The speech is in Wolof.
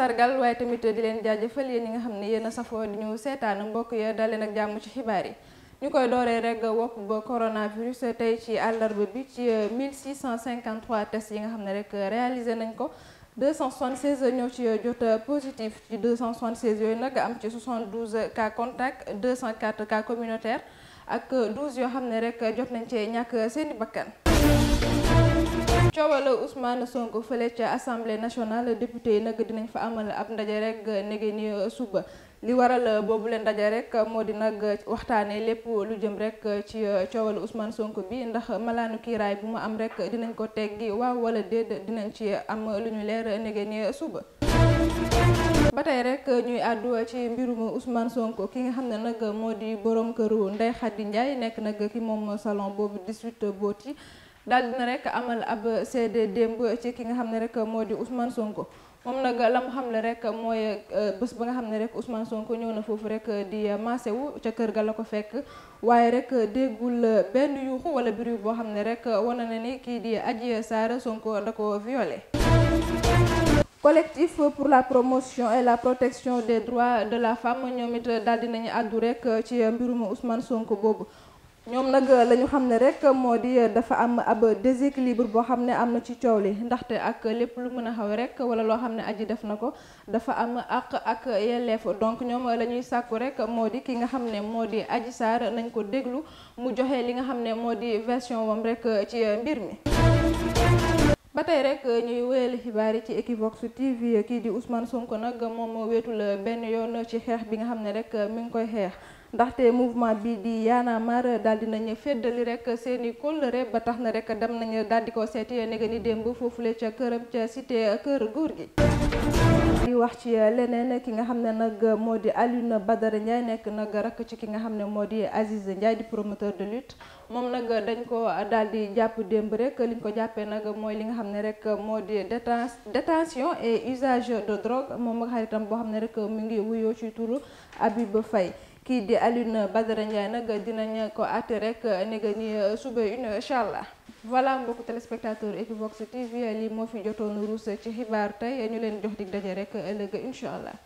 sargal waaye tamit di leen jaajëfal yéen ñi nga xam ne yéen a safoo di ñu seetaan mbokk ya dal leen ak jàmm ci xibaar yi ñu koy dooree rek wopp ba coronavirus tey ci àllarba bi ci 1653 euh, tests yi nga xam ne rek réalisé nañ ko 276 ñoo ci euh, jot euh, positif ci 276 yooyu nag am ci 72 cas contact 204 cas communautaire ak 12 yoo xam ne rek jot nañ cee ñàkk seeni bakkan coowala Ousmane sonk fële ca assemblée nationale député yi nag dinañ fa amal ab ndaje rek nege euh, suba li waral euh, boobu leen ndaje rek moo di nag waxtaanee lépp lu jëm rek ci euh, coowala Ousmane Sonko bi ndax malaanu kiiraay bu mu am rek dinañ ko teggi waaw wala déet dinañ ci am lu ñu leer nege suba. ba tey rek ñuy àddu ci mbirum Ousmane Sonko ki nga xam ne nag moo di borom këru Ndeye Khady Ndiaye nekk nag ki moom salon boobu 18 boot yi. daal dina rek amal ab sedd démb ci ki nga xam ne rek moo di Ousmane Sonko moom nag la mu xamle rek mooy euh, bés ba nga xam ne rek Ousmane Sonko ñëw na foofu rek di maase wu ca kër ga la ko fekk waaye rek déggul benn yuuxu wala biir boo xam ne rek wane na ni kii di Adji Sarr Sonko da ko violé. collectif pour la promotion et la protection des droits de la femme ñoom it daal dinañu àddu rek ci mbirum Ousmane Sonko boobu. ñoom nag euh, la xam ne rek moo di euh, dafa am ab déséquilibre boo xam ne am na ci coow li ndaxte ak lépp lu mën a xaw rek wala loo xam ne aji def na ko dafa am àq ak yelleef donc ñoom la sàkku rek moo di ki nga xam ne moo di aji saar nañ ko déglu mu joxe li nga xam ne moo di version wam rek ci mbir mi ba tey rek ñuy wéyal xibaar yi ci Equivox TV kii di Ousmane Sonko nag moom weetul benn yoon ci xeex bi nga xam ne rek mi ngi koy xeex ndaxte mouvement bi di Y en daal di nañu feddali rek seen i kóllëre ba tax na rek dem nañu daal di ko seeti nega ni démb foofule ca këram ca cité kër góor gi. di wax ci leneen ki nga xam ne nag moo di Alioune Badara Ndiaye nekk nag rakk ci ki nga xam ne moo di Aziz Ndiaye di promoteur de lutte moom nag dañ ko daal di jàpp démb rek li ko jàppee nag mooy li nga xam ne rek moo di déten détention et usage de drogue moom ak xaritam boo xam ne rek mu ngi wuyoo ci turu Abib Faye kii di Alioune Badara Ndiaye nag dinañ ko àtte rek ne nga ni euh, suba incha allah. voilà mbokku téléspectateur Equivox TV lii moo fi jotoon ruus ci xibaar tey ñu leen jox di daje rek ëllëg incha allah.